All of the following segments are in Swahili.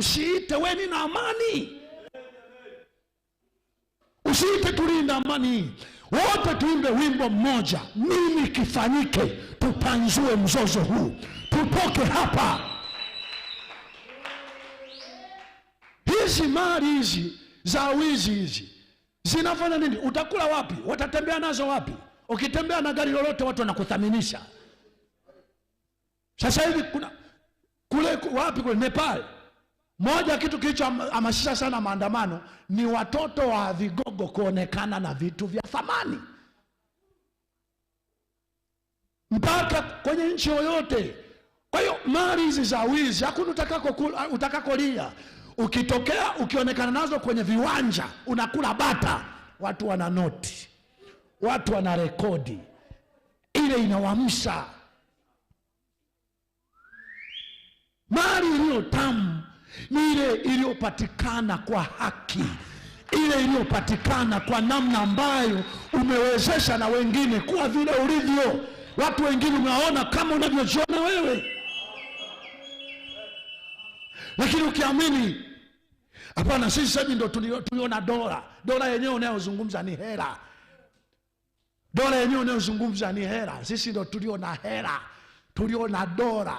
usiite weni na amani, usiite tulinda amani, wote tuimbe wimbo mmoja, nini kifanyike? Tupanzue mzozo huu, tutoke hapa. Hizi mali hizi za wizi hizi zinafanya nini? Utakula wapi? Watatembea nazo wapi? Ukitembea na gari lolote, watu wanakuthaminisha. Sasa hivi kuna kule wapi, kule Nepal moja kitu kilichohamasisha sana maandamano ni watoto wa vigogo kuonekana na vitu vya thamani. Mpaka kwenye nchi yoyote. Kwa hiyo mali hizi za wizi hakuna utakako utakakolia. Ukitokea ukionekana nazo kwenye viwanja unakula bata, watu wana noti, watu wana rekodi, ile inawamsha mali iliyo tamu ni ile iliyopatikana kwa haki, ile iliyopatikana kwa namna ambayo umewezesha na wengine kuwa vile ulivyo. Watu wengine unaona kama unavyojiona wewe, lakini ukiamini hapana, sisi sasa ndo tuliona dola. Dola yenyewe unayozungumza ni hela, dola yenyewe unayozungumza ni hela. Sisi ndo tuliona hela, tuliona dola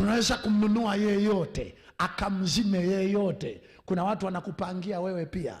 Tunaweza kumnunua yeyote, akamzime yeyote. Kuna watu wanakupangia wewe pia